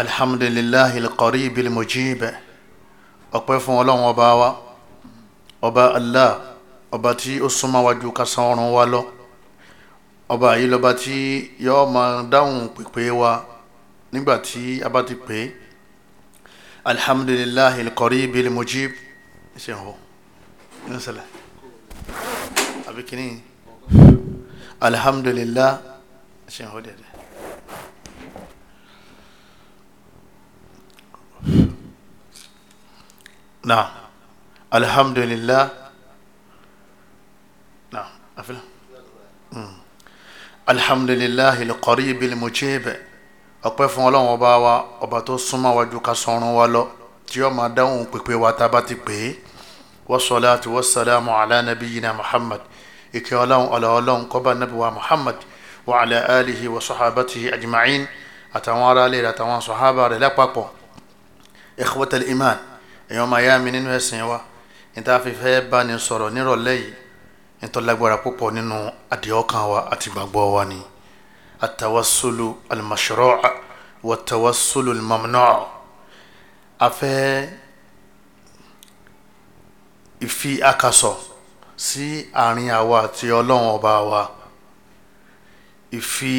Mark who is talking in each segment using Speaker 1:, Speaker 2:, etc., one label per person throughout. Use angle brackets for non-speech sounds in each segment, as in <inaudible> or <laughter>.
Speaker 1: alhamdulilahi alqarib almujib ọpẹ́ fún Ọlọ́run ọba wa ọba allah ọba tí ó súnmọ́ wájú kásán ọrùn wa lọ ọba yìí lọba tí yọọ máa dáhùn pèpè wa nígbà tí a bá ti pè é alhamdulilahi alqarib almujib ṣe hàn ní ṣẹlẹ̀ àbí alhamdulilah ṣe hàn dẹdẹ. na alhamdulillah na afila hmm. alhamdulillah ilqari bilimuchebe ọpẹ́ fún Ọlọ́run ọba wa ọba tó súnmọ́ wájú ká sọrun wa lọ tí ó máa dáhùn pípé wa tá a bá ti pè é wasalaatu wasalaamu ala nabiyina muhammad ìkẹ́ Ọlọ́run ọlọ Ọlọ́run kọba nabi wa muhammad wa ala alihi wa sahabatihi ajma'in àtàwọn aráalé rẹ̀ àtàwọn sahaba rẹ̀ lápapọ̀ ikhwatal iman èèyàn máa yá mi nínú ẹ̀sìn wa níta fi fẹ́ bá ní sọ̀rọ̀ nírọ̀lẹ́ yìí nítorí lágbára púpọ̀ nínú àdìọ́kàn wa àti gbàgbọ́ wa ni àtàwásólù al-mashru' wàtàwásólù al ìfi akasọ̀ sí àárín àwa àti ọlọ́run ọba wa ìfi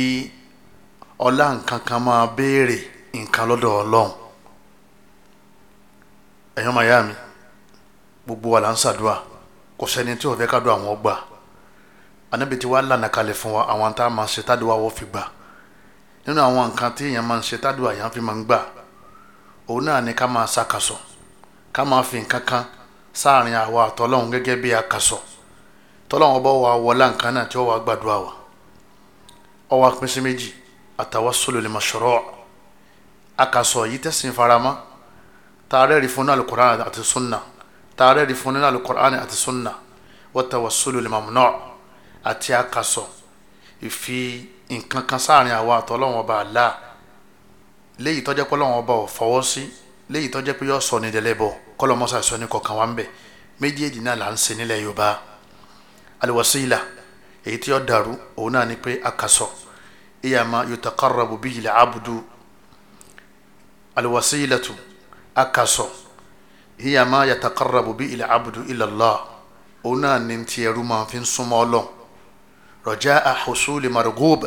Speaker 1: ọlá nǹkan kan máa béèrè nǹkan lọ́dọ̀ ọlọ́run ẹ̀yọ́ màyá mi gbogbo wa là ń ṣàdúrà kò sẹ́ni tí ò fẹ́ ká dùn àwọn ọgbà anábì tí wàá lànà kalẹ̀ fún wa àwọn tá a máa ṣe tádùá wọ́n fi gbà nínú àwọn nǹkan tí èèyàn máa ń ṣe tádùá yẹn fi máa ń gbà òun náà ni ká máa ṣàkàsọ̀ ká máa fi nǹkan kan sáàrin àwa àtọ́lọ́hún gẹ́gẹ́ bí akàsọ̀ tọ́lọ́hún ọba wa wọlá nǹkan náà tí ó wàá gbàdúrà wa ó wá pín sí méjì àtàwásólò lè máa ṣọ̀rọ̀ àkàsọ̀ yìí tẹ̀sìn faramọ́ taare rí fún ní alukur'an àti sunna taare rí fún ní alukur'an àti sunna wàtawasulu limamuna àti akaso ìfi nǹkan kan sáàrin àwa àtọ́lọ́wọ́n ọba àlá léyìí tọ́jẹ́ pọ́lọ́wọ́n ọba ò fọwọ́ sí léyìí tọ́jẹ́ pé yọ sọ ní dẹlẹ́bọ̀ kọ́lọ́mọ́sá sọ ní kọ̀ọ̀kan wa ń bẹ̀ méjèèjì náà là ń ṣe nílẹ̀ Yorùbá aliwasila èyí tí ó dàrú òun náà ni pé akaso ìyàmá yutaqarrabu bíyìlẹ̀ abudu aliwasilatu aka so hiya ma yataqarrabu bi ila abdu ila Allah òun náà ni ti ẹrú máa fi ń súnmọ́ Ọlọ́run raja'a husuli marghub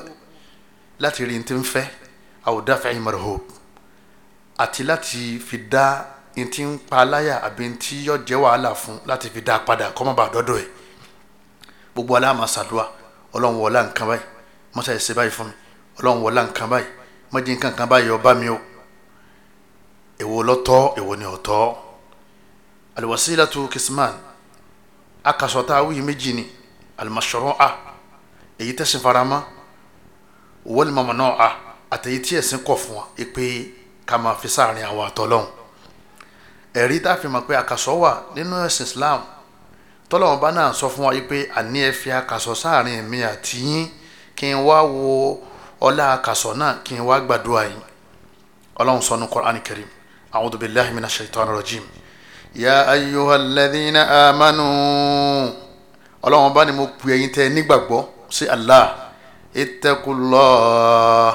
Speaker 1: láti rí ti ń fẹ́ aw daf'i marhub àti láti fi dá ti ń pa láyà àbí ti yọ jẹ́ wàhálà fún láti fi dá a padà kọ́mọ́ bá dọ́dọ̀ ẹ̀ gbogbo aláàmà sàdúà Ọlọ́run wọlá nǹkan báyìí mọ́sá ẹ̀ ṣe báyìí fún mi Ọlọ́run wọlá nǹkan báyìí mọ́jì nǹkan kan báyìí ọba mi o èwo lọ́tọ́ èwo ni ọ̀tọ́ alwasilatu kisman akasọ̀tà awuyi méjì ni almashru'a èyí tẹ̀sìn farama wal mamnu'a àtẹ̀yí tí ẹ̀sìn kọ̀ fún wa pé ká máa fi sáàrin àwọn àtọ́lọ́hún ẹ̀rí tá a fi mọ̀ pé Islam tọ́lọ́wọ́n bá náà sọ fún wa pé àní ẹ fi àkàsọ̀ sáàrin mi àti yín wo ọlá àkàsọ̀ náà kí n wá gbàdúrà yín ọlọ́run sọ ní Qur'an Karim أعوذ بالله من الشيطان الرجيم يا أيها الذين آمنوا ọlọ́run bá ní mo pè ẹ̀yin tẹ́ nígbàgbọ́ sí allah ittaqullah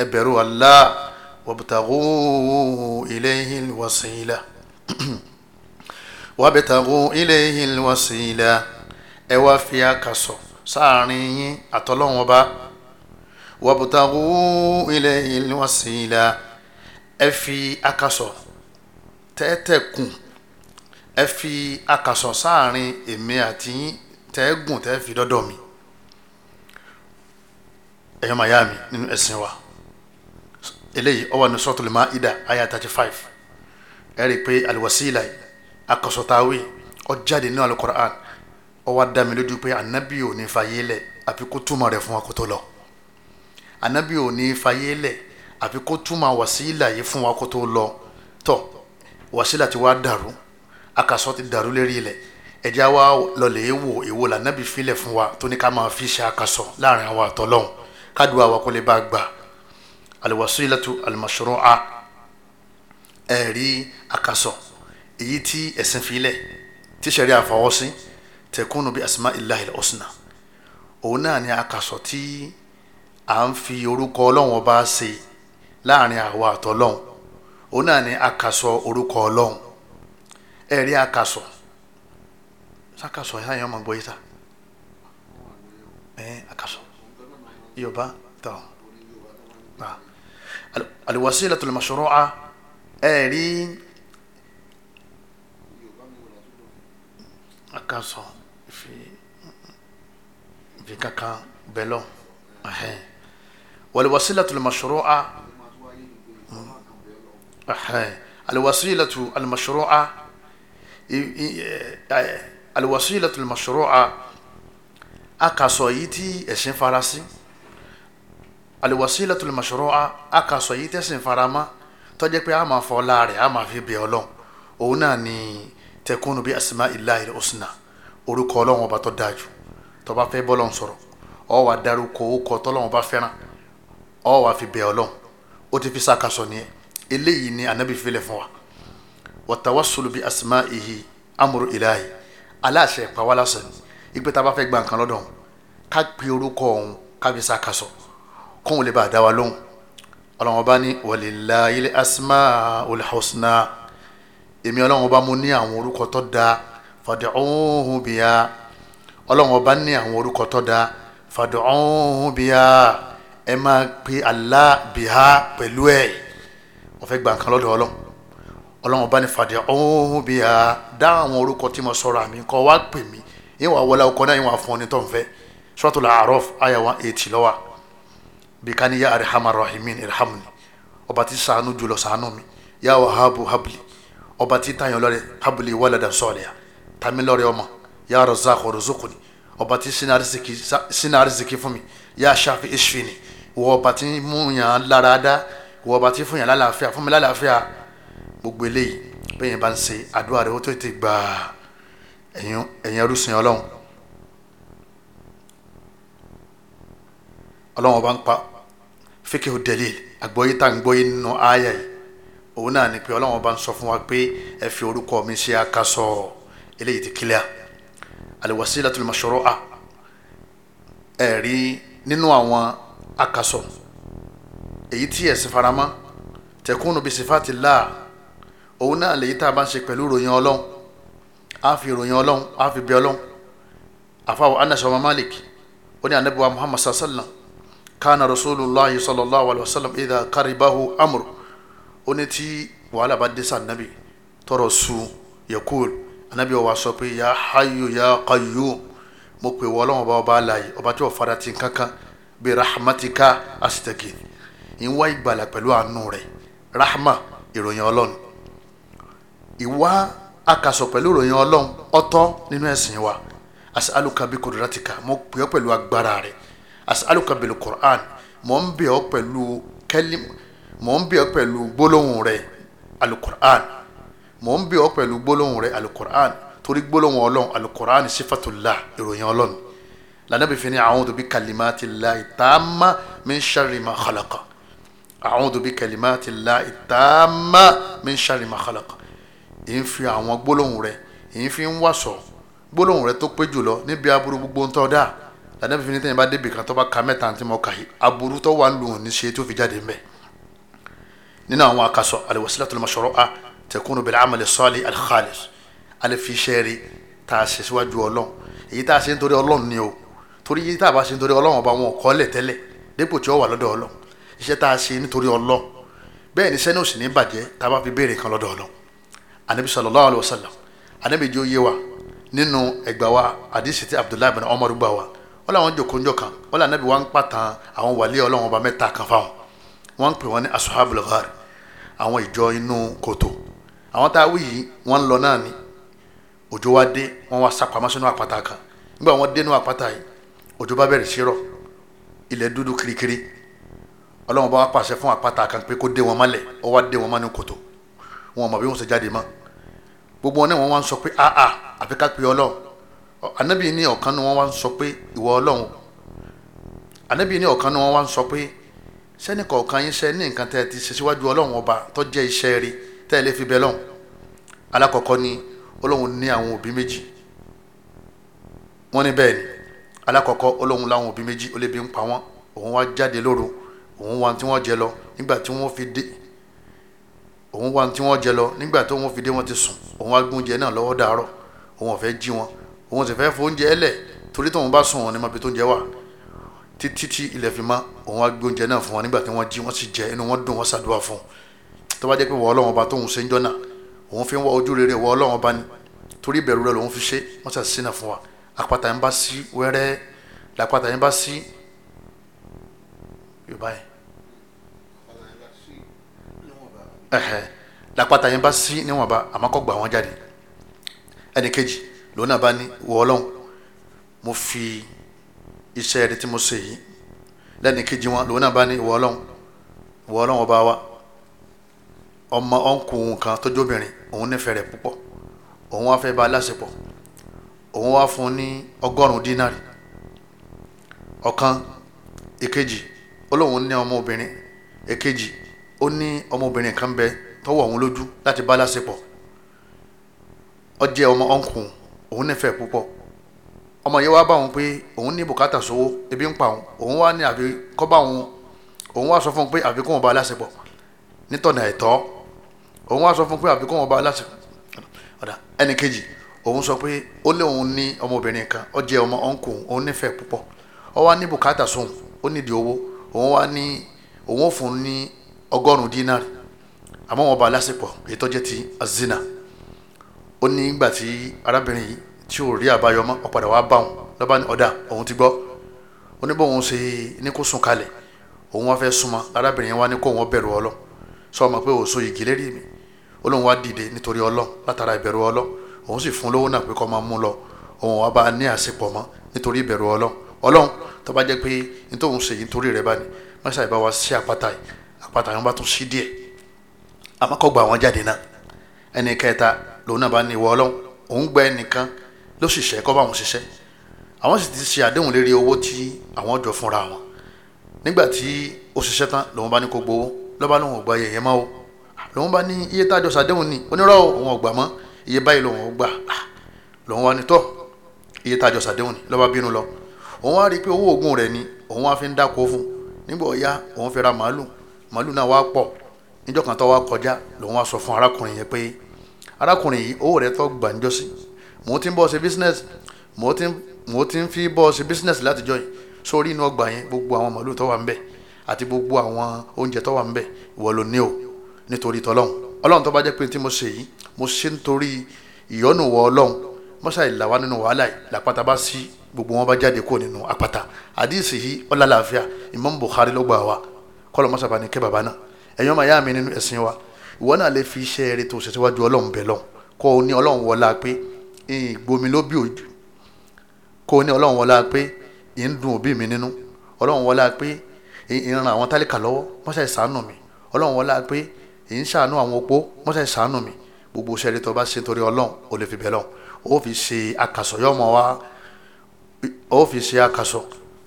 Speaker 1: ẹ bẹ̀rù allah wabtaghu ilayhi alwasila wabtaghu ilayhi alwasila ẹ wá fi àkàsọ̀ sáàrin yín àtọ́lọ́run ọba wabtaghu ilayhi alwasila ɛfi akasɔ tɛɛtɛ kun ɛfi akasɔ sáàrin èmi àti yín tɛɛgùn tɛɛfi dọ́dọ̀ mi ɛyọ màá yá mi nínú ẹ̀sìn wa eléyìí ó wà ní Suratul Maida aya thirty five ẹ rí i pé aliwasila akasɔtawe ó jáde nínú alukoran ó wá dá mi lójú pé anabi ò ní fayé lẹ̀ àfi kó túmọ̀ rẹ̀ fún wa kó anabi ò ní fayé lẹ̀ àbí kó túmọ̀ wàsílà yìí fún wa kó tó lọ tọ̀ wàsílà ti wá dàrú akasọ ti dàrú lérí ilẹ̀ ẹ̀jẹ̀ wa lọ́lẹ̀ èwo èwo là nábì filẹ̀ fún wa tó ní ká máa fi ṣe akasọ láàrin àwọn àtọ́lọ́hún kádùn àwa kó lè bá gbà alwasilatu almashru'a ẹ̀rí akasọ èyí tí ẹ̀sìn filẹ̀ tí sẹ̀rí àfọwọ́sí tẹ̀kúnnù bí asma illahil husna òun náà ni akasọ tí à ń fi orúkọ ọlọ́wọ́n bá ṣe láàrin àwa àtọlọ́hún òun náà ni akasọ orúkọ ọlọ́hún ẹ̀rí akasọ sakasọ yẹn àyàn ọmọ gbọ́ yìí ta ẹ̀ akasọ yorùbá tà alwasilatul mashru'a ẹ̀rí akasọ fi fi kankan bẹ́lọ̀ wal wasilatul mashru'a alwasilatu almashru'a e, e, alwasilatu almashru'a akaso yìí tí ẹ̀sìn farasi alwasilatu almashru'a akaso yìí tí ẹ̀sìn farama tó jẹ́ pé a máa fọ láàrẹ̀ a máa fi bẹ̀ ọlọ́run òun náà ni tẹkùnù bí asima ilahi usna orúkọ ọlọ́run ọba tó dáa jù tó bá fẹ́ bọ́lọ́run sọ̀rọ̀ ó wá dárúkọ ó kọ tọ́lọ́run bá fẹ́ràn ó wá fi bẹ̀ ọlọ́run ó ti fi sàkàsọ nìyẹn eléyìí ni anabi filẹ̀ fún wa wàtawasulu bi asma'ihi amuru ilahi aláṣẹ pàwọ́lásọ ìgbé tá a bá fẹ́ gba nǹkan lọ́dọ̀ ká pe orúkọ ọ̀hún kábi sàkàsọ kóun lè bá a dá wa lóhùn ọlọ́wọ́n bá ní walillahi li asma'ul husna èmi ọlọ́wọ́n bá mú ní àwọn orúkọ tó dáa fad'uhu biha ọlọ́wọ́n bá ní àwọn orúkọ tó dáa fad'uhu biha ẹ máa pe Allah biha pẹ̀lú ẹ̀ wọ́n fẹ́ gba nǹkan lọ́dọ̀ ọlọ́run ọlọ́run bá ní fàdé ọ̀hún bí a dá àwọn orúkọ tí mo sọ̀rọ̀ àmì kọ́ wá pè mí yín wà wọlé ọkọ náà yín wà fún ọ ní tó ń fẹ́ Suratul A'raf àyà wọn ètì lọ́wọ́ bí ní yá arhamar rahimin irhamni ọba tí ṣàánú jùlọ ṣàánú mi yá wahabu habli ọba tí tayọ̀ lọ́rẹ̀ habli walada sọ̀rẹ̀ tami lọ́rẹ̀ ọmọ yá razaqo ruzukuni ọba tí sinari zikí fún mi yá shafi ishfini wọ ọba tí mú yàn lára dá wọ́n bá ti fún yàn lálàáfíà fún mi lálàáfíà gbogbo eléyìí bẹ́ẹ̀ yẹn bá ń ṣe àdúrà rẹ̀ ó tó ti gbà ẹ̀yìn ẹrúsìn ọlọ́run ọlọ́run ọba ń pa fíkẹ́ ò dẹ̀lé àgbọ́yé tá à ń gbọ́yé nínú àyà yìí òun náà ni pé ọlọ́run ọba ń sọ fún wa pé ẹ fi orúkọ mi ṣe akásọ eléyìí ti kílíà al-wasilatul mashru'a ẹ̀rí nínú àwọn akásọ èyí tí ẹ̀sìn faramọ́ tẹkùnù bíi sifati láà òun náà lèyí tá a bá ń ṣe pẹ̀lú ìròyìn ọlọ́run á fi ìròyìn ọlọ́run á fi bí ọlọ́run àfàwọ̀ anasọ̀mọ́ malik ó ní anabiwa muhammad sallam kana rasulillah sallallahu alayhi wa sallam idha karibahu amr ó ní tí wàhálà bá dé sa nabi tọrọ su yakul anabi wa sọ pé ya hayu ya qayyum mo pè wọ́n ọlọ́run ọba ọba alayi ọba tí wọ́n fara ti kankan bi rahmatika asitaki ń wá ìgbàlà pẹ̀lú àánú rẹ̀ rahma ìròyìn ọlọ́run ìwá akasọ̀ pẹ̀lú ìròyìn ọlọ́run ọ̀tọ̀ nínú ẹ̀sìn wa as'aluka bi kudratika mo pè ọ́ pẹ̀lú agbára rẹ̀ as'aluka bil qur'an mo ń bẹ̀ ọ́ pẹ̀lú kẹ́lí mo ń bẹ̀ ọ́ pẹ̀lú gbólóhùn rẹ̀ alukur'an mo ń bẹ̀ ọ́ pẹ̀lú gbólóhùn rẹ̀ alukur'an torí gbólóhùn ọlọ́run alukur'an sifatullah ìròyìn ọlọ́run lànà bí fi ni a'udhu bi kalimatillahi tamma min sharri ma khalaqa a'udhu bi kalimati llahi tamma min sharri ma khalaq èyí ń fi àwọn gbólóhùn rẹ èyí fi ń wàsọ̀ gbólóhùn rẹ tó pé jùlọ níbi aburú gbogbo ń tọ́ dáa lànà fífi ní tẹ́yìn bá débi kan tó bá ka mẹ́ta àti mọ́ka yìí aburú tó wà ń lu òní ṣe tó fi jáde ń bẹ̀ nínú àwọn akasọ alwasilatul mashru'a takunu bil amali salih al khalis alifiṣẹ́rì tá a ṣe síwájú ọlọ́run èyí tá a ṣe nítorí torí ọlọ́run iṣẹ́ tá a ṣe nítorí ọlọ́ bẹ́ẹ̀ ni sẹ́ni òsì ní bàjẹ́ tá a bá fi béèrè kan lọ́dọ̀ ọlọ́ anabi sallallahu alayhi wa sallam anabi jẹ́ oyé wa nínú ẹgbà wa àdìsí ti abdullahi bin umar gbà wa wọ́n làwọn jòkó njọ́ kan wọ́n làwọn anabi wa ń pàtàn àwọn wàlẹ́ ọlọ́wọ́n ọba mẹ́ta kan fáwọn wọ́n ń pè wọ́n ní asuhabul ghar àwọn ìjọ inú kòtò àwọn tá a wí yìí wọ́n ń lọ náà ni òjò wa dé wọ́n wá sapamọ́ sínú àpáta kan nígbà wọ́n dé nínú àpáta yìí òjò bá bẹ̀rẹ̀ sí rọ̀ ilẹ̀ dúdú kirikiri ọlọ́run bá wa pàṣẹ fún àpáta kan pé kó dé wọn mọ́lẹ̀ ó wá dé wọn mọ́ ní kòtò wọn mọ̀ bí wọ́n ṣe jáde mọ́ gbogbo wọn náà wọ́n wá ń sọ pé a a àfi ká pe ọlọ́run anabi ní ọ̀kan ni wọ́n wá ń sọ pé ìwọ ọlọ́run anabi ní ọ̀kan ni wọ́n wá ń sọ pé sẹ́ni kọ̀ọ̀kan yín sẹ́ ní nǹkan tẹ́ ẹ ti ṣe síwájú ọlọ́run ọba tó jẹ́ iṣẹ́ rí tẹ́ ẹ lè fi bẹ lọ́hùn alákọ̀ọ́kọ́ ni ọlọ́run ní àwọn òbí méjì wọ́n ní bẹ́ẹ̀ ni alákọ̀ọ́kọ́ ọlọ́run láwọn òbí méjì ó lè bí ń pa wọ́n òun wá jáde lóru òun wá tí wọ́n jẹ lọ nígbà tí wọ́n fi dé òun wá tí wọ́n jẹ lọ nígbà tí wọ́n fi dé wọ́n ti sùn òun wá gbóúnjẹ náà lọ́wọ́ dàárọ̀ òun ò fẹ́ jí wọn òun sì fẹ́ fóúnjẹ ẹlẹ̀ torí tóun bá sùn wọn ni mọ̀bí tó ń jẹ wà títí tí ilẹ̀ fi mọ́ òun wá gbóúnjẹ náà fún wọn nígbà tí wọ́n jí wọ́n sì jẹ inú wọn dùn wọ́n ṣàdúrà fún un tó bá jẹ́ pé wọ́n ọlọ́run ọba tóun ṣe ń jọ́nà òun fi ń wá ojú rere wọ́n ọlọ́run ọba ni torí ìbẹ̀rù rẹ lòun fi ṣe wọ́n ṣàṣìṣe náà bá sí yorùbá yẹn ẹhẹ lápáta yẹn bá sí níwọ̀nba àmọ́ kọ́ gbà wọ́n jáde ẹnì kejì lòun náà bá ní wọ́ ọlọ́run mo fi iṣẹ́ rẹ tí mo ṣe yìí lẹ́nì kejì wọn lòun náà bá ní wọ́ ọlọ́run wọ́ ọlọ́run wa ọmọ ọ̀nkùn kan tó jóbìnrin òun nífẹ̀ẹ́ rẹ̀ púpọ̀ òun wá fẹ́ bá a òun wá fún ní ọgọ́rùn dínárì ọ̀kan ìkejì ó lóun ní ọmọbìnrin èkejì ó ní ọmọbìnrin kan bẹ tọwọ́ òun lójú láti bá láṣepọ̀ ó jẹ́ ọmọ ọ̀nkùn òun nífẹ̀ẹ́ púpọ̀ ọmọ yẹn wá bá òun pé òun ní bùkátà sówó ebi ń pa òun òun wá ní àfi kọ́ bá òun òun wá sọ fún un pé àfi kóun bá láṣepọ̀ nítọ̀nà ẹ̀tọ́ òun wá sọ fún un pé àfi kóun bá láṣepọ̀ ẹnì kejì òun sọ pé ó lé òun ní ọmọbìnrin kan ó jẹ́ ọmọ ọ̀nkùn òun nífẹ̀ẹ́ púpọ̀ ó wá ní bùkátà sóhun ó nídìí owó òun wá ní òun fún ní ọgọ́rùn-ún dínárì àmọ́ wọn bá lásìpọ̀ èyí ti azina ó ní ìgbà tí arábìnrin yìí tí ò rí àbáyọ ọ̀padà wàá bá òun lọ́ba ní ọ̀dà òun ti gbọ́ ó ní bóun ṣe ní kó sùn kalẹ̀ òun wá fẹ́ súnmọ́ arábìnrin wa ní kó wọn bẹ̀rù ọlọ́ sọ ma pé òun so igi lérí mi olóhùn wa dìde nítorí ọlọ́ látara ìbẹ̀rù ọlọ́ òun sì fún lówó náà pé kó máa mú lọ òun wá bá a ní àṣepọ̀ mọ́ nítorí ìbẹ̀rù ọlọ́ọ̀ ọlọ́run tó bá jẹ́ pé nítorí ṣe nítorí rẹ báni mọ́ṣá ìbá wa ṣí àpáta yìí àpáta yìí wọ́n bá tún ṣí díẹ̀ àmọ́ kó gba àwọn jáde náà ẹnì kẹta lòun náà bá ní ìwọ ọlọ́run òun gba ẹnìkan ló ṣiṣẹ́ kó bá wọn ṣiṣẹ́ àwọn sì ti ṣe àdéhùn lérí owó tí àwọn jọ fúnra wọn nígbà tí ó ṣiṣẹ́ tán lòun bá ní kó gbowó lọ́ba lòun ò gba yẹ̀yẹ́ o lòun bá ní iye tájọ ṣàdéhùn ni onírọ̀ òun ò gbà mọ́ iye báyìí lòun ò ah, lòun wá ní tọ́ iye tájọ ṣàdéhùn ni lọ́ba bínú lọ òun á rí i pé owó oògùn rẹ̀ ni òun á fi ń dáko fún nígbà ọ̀ya òun fi ra màálù màálù náà wá pọ̀ níjọ́ kan tó wá kọjá lòun á sọ fún arákùnrin yẹn pé arákùnrin yìí owó rẹ̀ tó gbà ń jọ́sí mò ń ti bọ́ ṣe business mò ń ti ń fi bọ́ ṣe business látijọ́ yìí sórí inú ọgbà yẹn gbogbo àwọn màálù tó wà ń bẹ̀ àti gbogbo àwọn oúnjẹ tó wà ń bẹ̀ ìwọ ló ní o nítorí tọlọ́hún ọlọ́run tó bá jẹ́ pé tí mo ṣe yìí mo ṣe nítorí ìyọ́nù wọ ọlọ́run mọ́ṣáì làwa nínú wàhálà yìí làpáta bá sí gbogbo wọn bá jáde kó nínú àpáta àdìsí yìí ọlá làáfíà Imam Bukhari ló gbà wá kọlọ mọsàbà ní kẹ bàbá náà ẹyàn máa yá mi nínú ẹsìn wa ìwọ náà lè fi iṣẹ́ eré tó ṣèṣíwájú Ọlọ́run bẹ lọ kó o ní Ọlọ́run wọlá pé ìgbomi ló bí òjò kó o ní Ọlọ́run wọlá pé ì dun òbí mi nínú Ọlọ́run wọlá pé ì ń ran àwọn tálíkà lọ́wọ́ mọṣẹ ìsànù mi Ọlọ́run wọlá pé ì ń ṣàánú àwọn opó mọṣẹ ìsànù mi gbogbo iṣẹ́ eré tó bá ṣe torí Ọlọ́run ò lè fi bẹ lọ ó fi ṣe àkàsọyọmọ wa ó fi ṣe akaso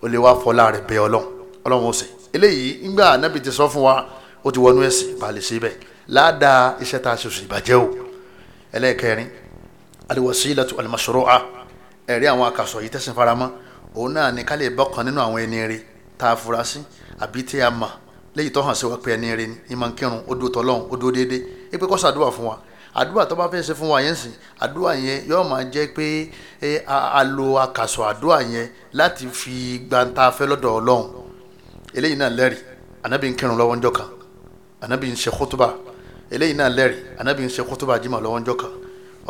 Speaker 1: ó lè wá fọlá rẹ̀ bẹ̀ ọlọ́run ọlọ́run ó ṣe eléyìí ńgbà anábì ti sọ fún wa ó ti wọnú ẹ̀sìn balẹ̀ síbẹ̀ ládàá iṣẹ́ tá a ṣe oṣù ìbàjẹ́ o ẹlẹ́ẹ̀kẹrin alwasilatu almashru'a ẹ̀rí àwọn akaso yìí tẹ̀sìn faramọ́ òun náà ni ká lè bọ́kàn nínú àwọn ẹni rẹ̀ tá a fura sí àbí tí a mọ̀ léyìí tó hàn sí wa pé ẹni rẹ̀ ni ìmọ̀ nkírun ó dúró tọ́lọ́run ó dúró déédéé ẹ pé kó fún wa àdúrà tó bá fẹ́ ṣe fún wa yẹn sìn àdúrà yẹn yóò máa jẹ́ pé a lo àkàsọ̀ àdúrà yẹn láti fi gbàǹtà fẹ́ lọ́dọ̀ ọlọ́run eléyìí náà lẹ́rìí anabi ń kírun lọ́wọ́ ńjọ́ kan anabi ń ṣe kótóbà eléyìí náà lẹ́rìí anabi ń ṣe kótóbà jimá lọ́wọ́ ńjọ́ kan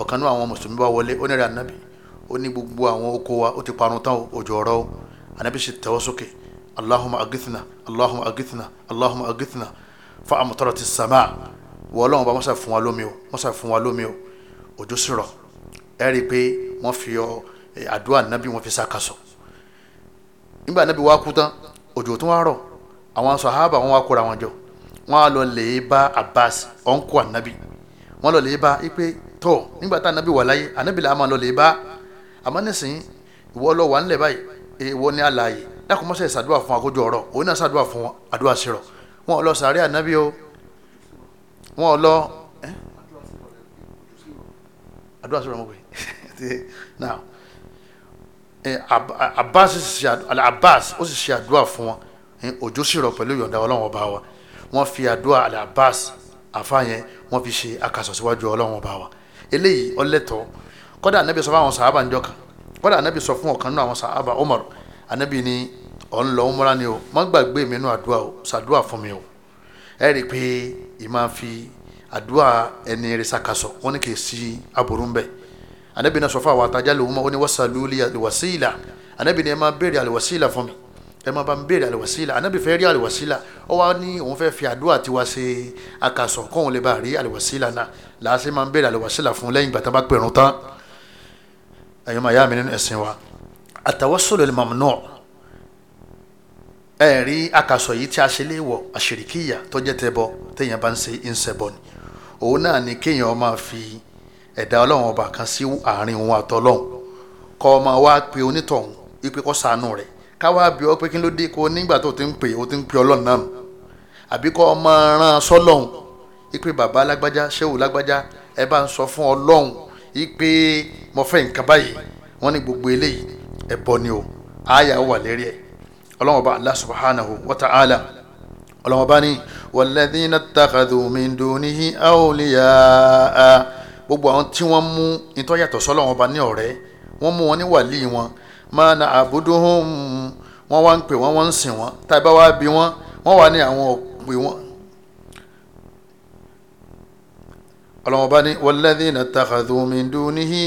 Speaker 1: ọ̀kan náà àwọn mùsùlùmí bá wọlé ó ní rẹ̀ anabi ó ní gbogbo àwọn oko wa ó ti parun tán òjò ọ̀rọ̀ o anabi sì tẹ́wọ́ sókè allahumma agithna allahumma agithna allahumma agithna fa amutarat as-samaa wọ ọlọ́run bá mọ́sà fún wa lómi o mọ́sà fún wa lómi o òjò sì rọ̀ ẹ rí i pé wọ́n fi ọ àdúrà nábì wọ́n fi sàkàsọ̀ nígbà nábì wá kú tán òjò tó wá rọ̀ àwọn sàhábà wọn wá kóra wọn jọ wọn á lọ lè bá Abbas ọ̀nkù ànábì wọn lọ lè bá ipe tó nígbà tá ànábì wà láyé ànábì làá máa lọ lè bá àmọ́ nísìnyí ìwọ lọ wà ńlẹ̀ báyìí ìwọ ní àlàyé dákùnmọ́sẹ̀ ṣàdúrà fún akójọ ọ̀rọ̀ òun náà ṣàdúrà fún àdúrà sí rọ̀ wọn lọ sàárẹ̀ ànábì o wọn lọ àdúrà sọ̀rọ̀ mọ̀ <laughs> now abbas ṣe abbas ó sì ṣe àdúrà fún wọn òjò sì rọ̀ pẹ̀lú ìyọ̀ǹda ọlọ́run ọba wa wọ́n fi àdúrà abbas àfààyàn wọ́n fi ṣe akasọ̀ síwájú ọlọ́run ọba wa eléyìí ọlẹ́tọ̀ kọ́dà anabi sọ fún àwọn sàábà ńjọ kan kọ́dà anabi sọ fún ọ̀kan nínú àwọn sàábà umar anabi ni ọ̀n lọ́ọ́ ni o má gbàgbé mi nínú àdúrà o ṣàdúrà fún mi o ẹ rí i pé imafi adua ẹni risakaso wọn ni kì si aburú ana bẹ anabi na sọfọ àwọn atajà lòun ma wọn ni wasaluli aliwasila anabi ni ẹ máa béèrè aliwasila fún mi ẹ ana bá ń béèrè aliwasila anabi fẹ́ rí aliwasila fi adua tiwa ṣe akaso kóun lè bá rí aliwasila náà làásì máa ń béèrè aliwasila fún lẹ́yìn gbàtà bá pẹ̀rùn tán ẹ̀yọ́ máa yá mi nínú ẹ̀sìn wa àtàwọ́sọ̀lẹ̀ mamnọ́ọ̀ ẹ rí akasọ yìí tí a ṣe wọ àṣìríkìyà tó jẹ́ tẹbọ téèyàn bá ń ṣe ìṣẹbọ ni òun náà ni kéèyàn máa fi ẹ̀dá Ọlọ́run ọba kan sí àárín òun àtọlọ́run wá pe onítọ̀hún ipe kọ rẹ̀ káwá bí pé kí ló dé kó nígbà tó ti pè ó ti ń pè Ọlọ́run náà àbí kọ ma ran sọ́lọ́run ipe bàbá lágbájá ṣéwù lágbájá ẹ bá ń sọ fún ipe nǹkan báyìí ọlọ́wọ́n bá Allah subhanahu wa ta'ala ọlọ́wọ́n bá ní walladhina ittakhadhu min dunihi awliyaa gbogbo àwọn tí wọ́n mú ìtọ́yàtọ̀ sọ́lọ́wọ́n bá ní ọ̀rẹ́ wọ́n mú wọn ní wàlí wọn máa na àbúdóhùn wọn wá ń pè wọn wọ́n ń sìn wọn tá a bá wá bí wọn wọ́n wà ní àwọn òpè wọn. ọlọ́wọ́n bá ní walladhina ittakhadhu min dunihi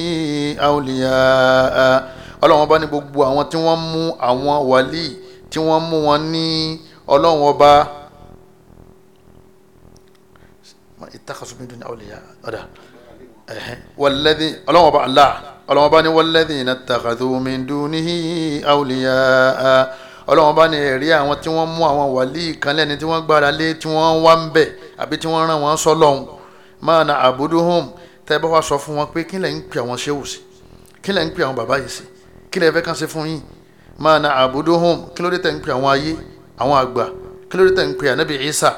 Speaker 1: awliyaa ọlọ́wọ́n bá ní gbogbo àwọn tí wọ́n mú àwọn wàlí tí wọ́n mú wọn ní ọlọ́run ọba ìtàkàsùnmídùn àwòlẹ́yà ọ̀dà wàlẹ́dì ọlọ́run ọba Allah ọlọ́run ọba ní wàlẹ́dì iná tàkàsùnmídùn níhì àwòlẹ́yà ọlọ́run ọba ní ẹ̀rí àwọn tí wọ́n mú àwọn wàlí ìkànlẹ̀ ni tí wọ́n gbára lé tí wọ́n wá ń bẹ̀ àbí tí wọ́n rán wọn sọ́lọ́hún máa na àbúdúhùn tẹ́ bá wá sọ fún wọn pé kí lẹ́ pè àwọn ṣéwù sí kí lẹ́ pè àwọn bàbá yìí sí kí lẹ́ fẹ́ kàn ṣe fún yín máa na àbúdóhùn kí ló dé tẹ̀ ń pè àwọn ayé àwọn àgbà kí ló dé tẹ̀ ń pè ànábì Isa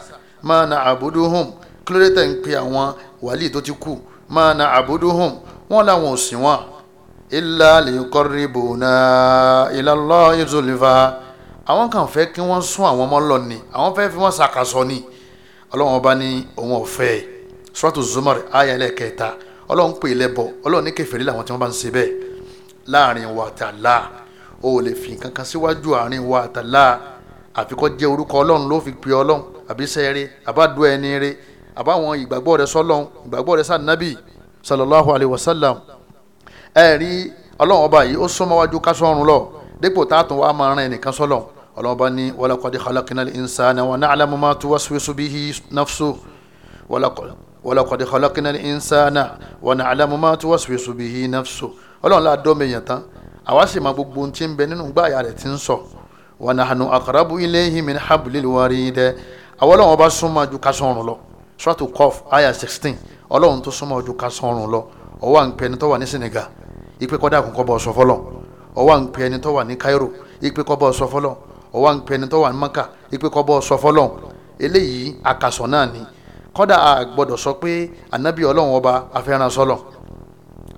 Speaker 1: máa na àbúdóhùn kí ló dé tẹ̀ ń pè àwọn wàlíì tó ti kú máa na àbúdóhùn wọn làwọn ò sìn wọn ilà lè kọ́rí bòónà ilà lọ́ ìzòlìfà àwọn kan fẹ́ kí wọ́n sún àwọn ọmọ lọ ni àwọn fẹ́ fi wọ́n ṣàkàsọ ni ọlọ́wọ́n bá ní òun ọ̀fẹ́ suratu Zumar aya ẹlẹ́kẹta ọlọ́run pè é lẹ́bọ̀ ọlọ́run ní kèfèrí làwọn tí wọ́n bá ń ṣe bẹ́ẹ̀ láàrin wàtàlá o ò lè fi kankan síwájú àárín wa àtàlá àfikọ́ jẹ́ orúkọ ọlọ́run ló fi pè ọlọ́run àbí sẹ́ẹ̀rẹ́ àbádùn ẹni rẹ àbáwọn ìgbàgbọ́ rẹ sọlọ́run ìgbàgbọ́ rẹ sànàbì sallallahu alayhi wa sallam ẹ rí ọlọ́run ọba yìí ó súnmọ́ wájú kásọ̀run lọ dípò táàtún wa máa ran ẹnìkan sọlọ́run ọlọ́run ọba ní walaqad khalaqnal insana wa na'lamu ma tuwaswisu bihi nafsuhu walaqad khalaqnal insana wa na'lamu ma tuwaswisu bihi nafsuhu ọlọ́run láà dọ́mẹ̀yàn tán àwa sì mọ gbogbo ohun tí ń bẹ nínú gbáàyà rẹ̀ ti ń sọ wa nahnu aqrabu ilayhi min hablil warid àwọn ọlọ́run ọba súnmọ́ ju kásán ọ̀run lọ suratu Qaf aya sixteen ọlọ́run tó súnmọ́ ju kásán ọ̀run lọ ọwọ́ à ń tó wà ní Senegal ipe kọ́dà kún bọ̀ sọ fọlọ́ ọwọ́ à ń tó wà ní Cairo ipe kọ́ bọ̀ sọ fọlọ́ ọwọ́ à ń tó wà ní Maka ipe kọ́ bọ̀ sọ fọlọ́ eléyìí àkàsọ̀ náà ni kọ́dà a sọ pé anabi ọlọ́run ọba afẹ́ràn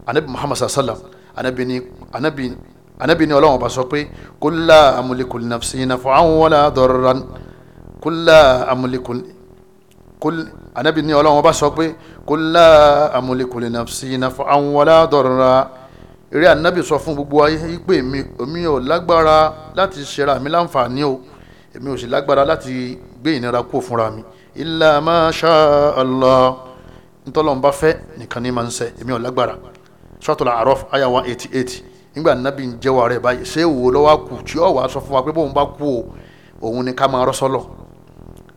Speaker 1: anabi Muhammad sallam anabi ni ọlọ́wọ́n bá sọ pé kúlá amuliku nafsi nafa àwọn wọlé adọ́rọ̀rán kúlá amuliku anabi ni ọlọ́wọ́n bá sọ pé kúlá amuliku nafsi nafa àwọn wọlé adọ́rọ̀rán eré anabi sọ fún gbogbo ayé pé mi omi ò lágbára láti ṣera mi láǹfààní o èmi ò sì lágbára láti gbé ìnira kó fúnra mi illa ma sha Allah ntọ́lọ́mbà fẹ́ nìkan ní ma ń ṣe èmi ò lágbára suratul A'raf àyà one eighty eight nígbà nàbí ń jẹ́ wàrẹ̀ báyìí ṣé wo lọ́wọ́ kù tí ọ̀ wá sọ fún wa pé bóun bá kú o òun ni ká máa rán sọ́lọ̀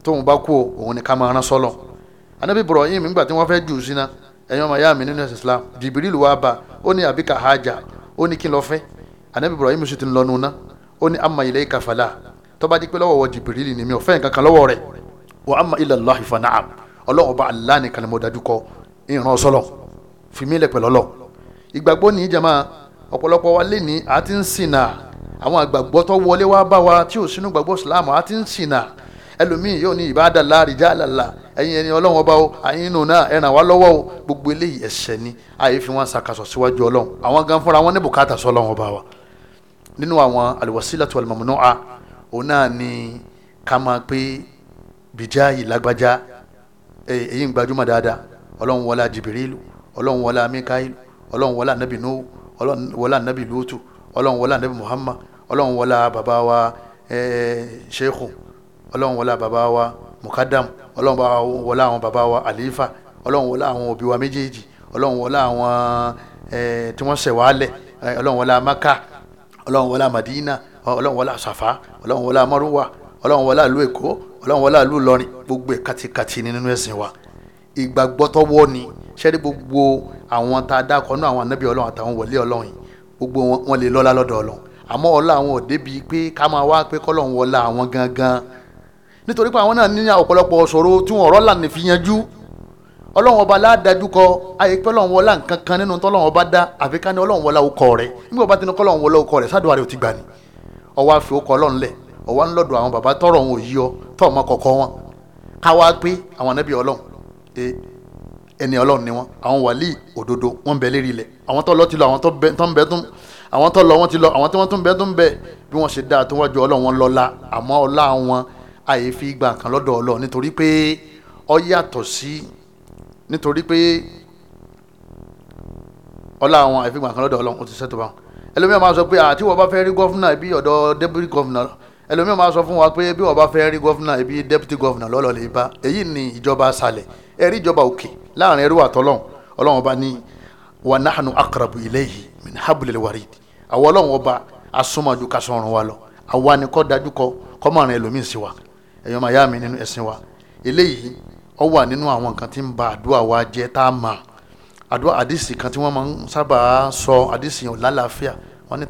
Speaker 1: tóun bá kú o òun ni ká máa rán sọ́lọ̀ anabi Ibrahim nígbà tí wọ́n fẹ́ jù ú síná ẹ̀yin ọmọ ìyá mi nínú ẹ̀sìn Islam Jibril wá bá ó ní àbíkà hajà ó ní kí n lọ fẹ́ anabi Ibrahim sì ti ń lọnu ná ó ní amma ilayka fala tó bá di pé lọ́wọ́ Jibril ni mi ò fẹ́ nǹkan kan lọ́wọ́ rẹ̀ wa amma ila Allahi ọlọ́wọ́ bá Allah dájú kọ ìran ọsọlọ pẹ̀lọ́lọ́ ìgbàgbọ́ ní ìjàmá ọ̀pọ̀lọpọ̀ wa lè ní àti ń ṣìnà àwọn àgbàgbọ́ tó wọlé wá bá wa tí ò sínú gbàgbọ́ ìsìláàmù àti ń ṣìnà ẹlòmíì yóò ní ìbádàlá rìjálàlá ẹ̀yin ẹni ọlọ́run ọba o àyìn inú náà ẹ ràn wá lọ́wọ́ o gbogbo eléyìí ẹ̀ṣẹ̀ ni àyè fi wọn ṣàkàṣọ síwájú ọlọ́run àwọn gan fúnra wọn ní bùkátà sọ ọlọ́run ọba wa nínú àwọn alwasilatu walmamnu'a òun náà ni ká máa pé bìjá ìlágbájá èyí gbajúmọ̀ dáadáa ọlọ́run wọlá jìbìrìlù ọlọ́run wọlá míkáìlù ọlọ́run wọlé anabi nuhu ọlọ́run wọlé anabi lutu ọlọ́run wọlé anabi muhammad ọlọ́run wọlé bàbá wa sheikhu ọlọ́run wọlé bàbá wa mukadam ọlọ́run wọlé àwọn bàbá wa alifa ọlọ́run wọlé àwọn òbí wa méjèèjì ọlọ́run wọlé àwọn tí wọ́n ṣẹ̀ wálẹ̀ ọlọ́run wọlé maka ọlọ́run wọlé madina ọlọ́run wọlé asafa ọlọ́run wọlé amaruwa ọlọ́run wọlé àlú èkó ọlọ́run wọlé àlú ìlọrin gbogbo ẹ̀ kàtìkàtì nínú ẹ̀sìn wa ìgbàgbọ́tọ́wọ́ ni ṣẹ́rí gbogbo àwọn tá a dákọ̀ nú àwọn anábì ọlọ́run àtàwọn wọlé ọlọ́run yìí gbogbo wọn lè lọ́lá lọ́dọ̀ ọlọ́run àmọ́ ọlá àwọn ò débi pé ká máa wá pé kọ́lọ́run wọlá àwọn gangan nítorí pé àwọn náà ní ọ̀pọ̀lọpọ̀ ṣòro tí wọn ọ̀rọ̀ lànà fi yanjú ọlọ́run ọba aláàdájú kọ ayé pé ọlọ́run wọlá nǹkan kan nínú tọ́lọ́run ọba dá àfi ká ní ọlọ́run wọlá okọ rẹ̀ nígbà bá ti ní kọ́lọ́run wọlá okọ rẹ̀ sádùn àrẹ ò ti gbà ní ọwọ́ ẹni ọlọ́run ni wọn àwọn wàlíì òdodo wọn ń bẹ lérí ilẹ̀ àwọn tó lọ ti lọ àwọn tó ń bẹ tún àwọn tó lọ wọn ti lọ àwọn tí wọn tún bẹ tún bẹ bí wọn ṣe dáa tó wájú ọlọ́run wọn lọ́la àmọ́ ọlá wọn àyè fi gbà kan lọ́dọ̀ ọlọ́run nítorí pé ọ yàtọ̀ sí nítorí pé ọlá àwọn àyè fi gbà kan lọ́dọ̀ ọlọ́run ó ti sẹ́tọ̀ bá wọn ẹlòmíràn máa sọ pé àtiwọ́ bá fẹ́ rí gọ́fúnà bí ọ̀dọ̀ débùrí gọ́fúnà ẹlòmíì máa sọ fún wa pé bí wọ́n bá fẹ́ rí gọ́fìnà ibi dẹ́pútì gọ́fìnà lọ́lọ́ lè bá èyí ni ìjọba asalẹ̀ ẹ̀rí ìjọba òkè láàrin ẹrú àtọ́lọ́hún ọlọ́run ọba ní wa nahnu aqrabu ilayhi min hablil àwọn ọlọ́run ọba asúnmọ́jú ká wa lọ àwa ni kọ́ dájú kọ kọ́ mọ̀rin ẹlòmíì sí wa ẹ̀yọ́ máa yá mi nínú ẹ̀sìn wa eléyìí ó wà nínú àwọn nǹkan tí ń ba àdúrà wa jẹ́ tá a mà àdúrà àdìsí kan tí wọ́n máa ń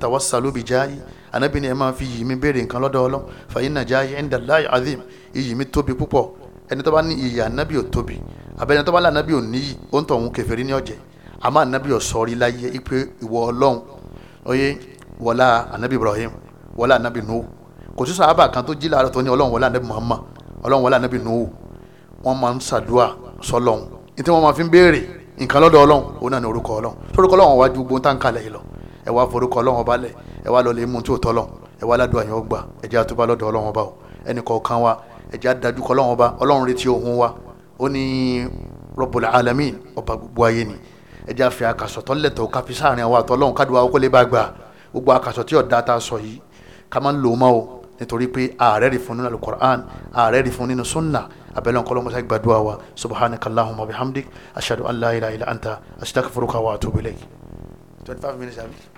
Speaker 1: anabi ni ẹ máa fi iyì mi béèrè nǹkan lọ́dọ̀ ọlọ́ fàyín nàjà ayé ẹ̀ńdà láì azim iyì mi tóbi púpọ̀ ẹni tó bá ní iyì anabi ò tóbi abẹ́ni tó bá lá anabi ò níyì ó ń tọ̀ òun kèfèrí ní ọ̀jẹ̀ àmọ́ anabi ò sọ̀rí láyé ipe ìwọ ọlọ́run oyè wọlá anabi ibrahim wọlá anabi nuhu kò sí sàábà kan tó jí láàárọ̀ tó ní ọlọ́run wọlá anabi muhammad ọlọ́run wọlá anabi nuhu wọ́n máa ń ṣàdúrà sọlọ́run ìtí wọ́n máa fi ń béèrè nǹkan lọ́dọ̀ ọlọ́run òun náà ní orúkọ ọlọ́run ẹ wá lọ lè mú tí ò tọ́lọ̀ ẹ wá ládùn àyàn ọgbà ẹ jẹ́ àtúbà lọ́dọ̀ ọlọ́run ọba o ẹnì kọ̀ọ̀kan wa ẹ jẹ́ àdájú kọ́ ọlọ́run ọba ọlọ́run retí ohun wa ó ní Rabbul Alamin ọba gbogbo ayé ni ẹ jẹ́ àfẹ́ àkàsọ̀ tọ́lẹ̀tọ̀ káfí sáàrin àwọn àtọ́lọ́run kádùn àwọn kó lè bá gbà gbogbo àkàsọ̀ tí ọ̀dà ta sọ yìí ká má ń lò ó mọ́ o nítorí pé ààrẹ rí fún nínú alukur'an ààrẹ rí fún nínú sunna abẹ́lẹ́ ọ̀kọ́ lọ́mọ́sá gbàdúrà wa subhanakallahumma bihamdik ashhadu an la ilaha illa anta astaghfiruka atubu ilayk twenty five minutes